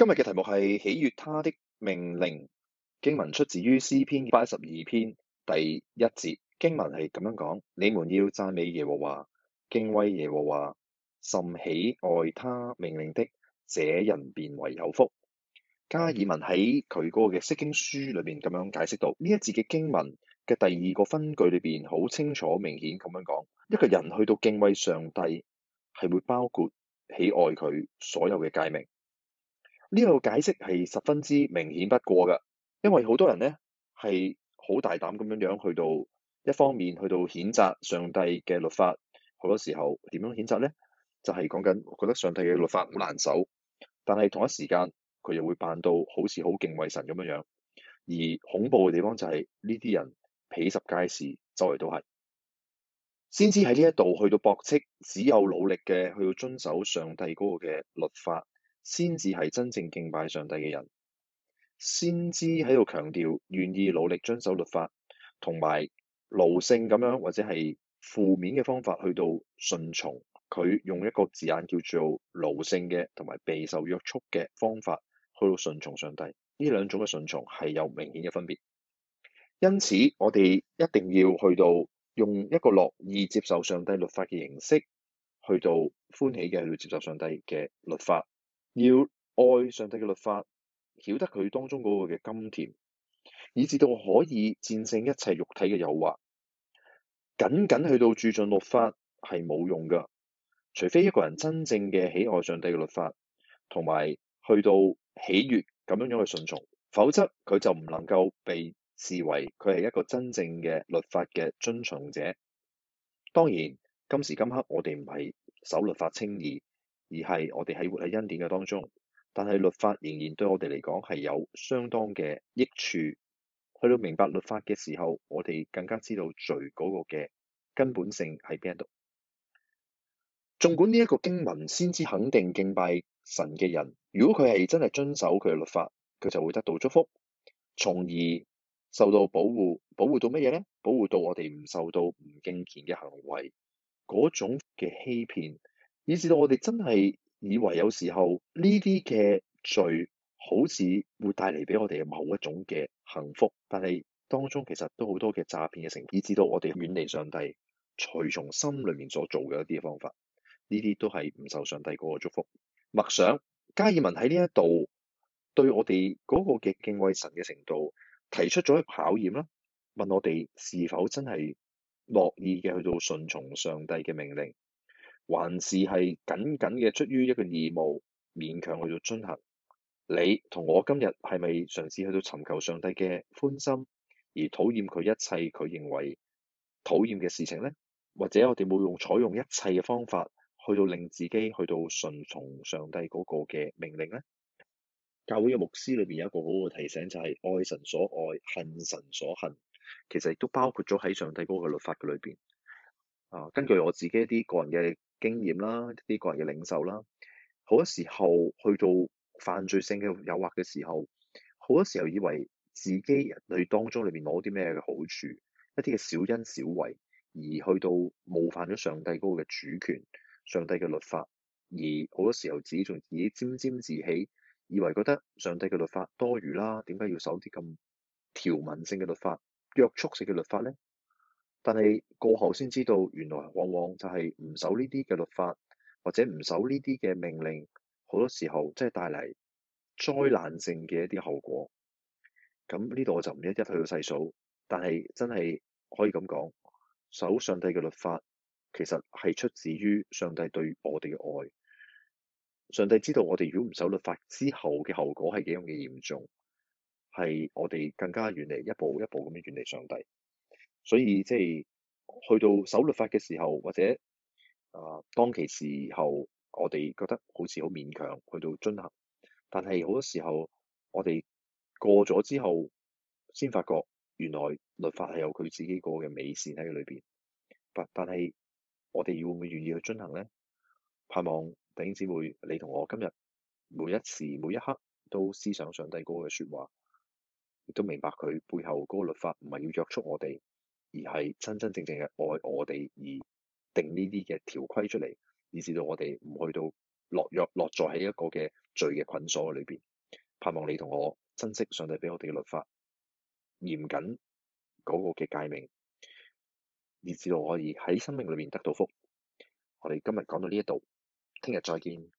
今日嘅題目係喜悅他的命令，經文出自於詩篇八十二篇第一節，經文係咁樣講：你們要讚美耶和華，敬畏耶和華，甚喜愛他命令的，這人便為有福。加爾文喺佢嗰個嘅釋經書裏面咁樣解釋到，呢一節嘅經文嘅第二個分句裏邊好清楚明顯咁樣講，一個人去到敬畏上帝係會包括喜愛佢所有嘅誡命。」呢個解釋係十分之明顯不過噶因為好多人咧，係好大膽咁樣樣去到一方面去到譴責上帝嘅律法，好多時候點樣譴責咧？就係講緊覺得上帝嘅律法好難守，但係同一時間佢又會扮到好似好敬畏神咁樣樣，而恐怖嘅地方就係呢啲人比比皆是周圍都係，先知喺呢一度去到駁斥，只有努力嘅去到遵守上帝嗰個嘅律法。先至係真正敬拜上帝嘅人，先知喺度強調願意努力遵守律法，同埋奴性咁樣或者係負面嘅方法去到順從，佢用一個字眼叫做奴性嘅，同埋備受約束嘅方法去到順從上帝，呢兩種嘅順從係有明顯嘅分別。因此，我哋一定要去到用一個樂意接受上帝律法嘅形式，去到歡喜嘅去接受上帝嘅律法。要愛上帝嘅律法，曉得佢當中嗰個嘅甘甜，以至到可以戰勝一切肉體嘅誘惑。僅僅去到注重律法係冇用㗎，除非一個人真正嘅喜愛上帝嘅律法，同埋去到喜悦咁樣樣去順從，否則佢就唔能夠被視為佢係一個真正嘅律法嘅遵從者。當然，今時今刻我哋唔係守律法稱義。而係我哋喺活喺恩典嘅當中，但係律法仍然對我哋嚟講係有相當嘅益處。去到明白律法嘅時候，我哋更加知道罪嗰個嘅根本性喺邊度。縱觀呢一個經文，先知肯定敬拜神嘅人，如果佢係真係遵守佢嘅律法，佢就會得到祝福，從而受到保護。保護到乜嘢咧？保護到我哋唔受到唔敬虔嘅行為嗰種嘅欺騙。以至到我哋真係以為有時候呢啲嘅罪好似會帶嚟俾我哋某一種嘅幸福，但係當中其實都好多嘅詐騙嘅成分。以致到我哋遠離上帝，隨從心裏面所做嘅一啲嘅方法，呢啲都係唔受上帝嗰個祝福。默想，加爾文喺呢一度對我哋嗰個嘅敬畏神嘅程度提出咗一考驗啦，問我哋是否真係樂意嘅去到順從上帝嘅命令。還是係僅僅嘅，出於一個義務，勉強去到遵行。你同我今日係咪嘗試去到尋求上帝嘅歡心，而討厭佢一切佢認為討厭嘅事情呢？或者我哋冇用採用一切嘅方法去到令自己去到順從上帝嗰個嘅命令呢？教會嘅牧師裏邊有一個好嘅提醒，就係、是、愛神所愛，恨神所恨。其實亦都包括咗喺上帝嗰個律法嘅裏邊。啊，根據我自己一啲個人嘅。經驗啦，一啲個人嘅領受啦，好多時候去到犯罪性嘅誘惑嘅時候，好多時候以為自己人類當中裏面攞啲咩嘅好處，一啲嘅小恩小惠，而去到冒犯咗上帝嗰個嘅主權、上帝嘅律法，而好多時候自己仲自己沾沾自喜，以為覺得上帝嘅律法多餘啦，點解要守啲咁條文性嘅律法、約束性嘅律法咧？但係過後先知道，原來往往就係唔守呢啲嘅律法，或者唔守呢啲嘅命令，好多時候即係帶嚟災難性嘅一啲後果。咁呢度我就唔一一去到細數，但係真係可以咁講，守上帝嘅律法，其實係出自於上帝對我哋嘅愛。上帝知道我哋如果唔守律法之後嘅後果係幾咁嘅嚴重，係我哋更加遠離，一步一步咁樣遠離上帝。所以即係去到守律法嘅時候，或者啊、呃、當其時候，我哋覺得好似好勉強去到遵行，但係好多時候我哋過咗之後，先發覺原來律法係有佢自己個嘅美善喺佢裏邊，不，但係我哋會唔會願意去遵行咧？盼望弟兄姊妹，你同我今日每一時每一刻都思想上帝嗰個嘅說話，亦都明白佢背後嗰個律法唔係要約束我哋。而係真真正正嘅愛我哋，而定呢啲嘅條規出嚟，以至到我哋唔去到落弱落在喺一個嘅罪嘅捆鎖裏邊。盼望你同我珍惜上帝俾我哋嘅律法，嚴謹嗰個嘅誡命，以至到可以喺生命裏面得到福。我哋今日講到呢一度，聽日再見。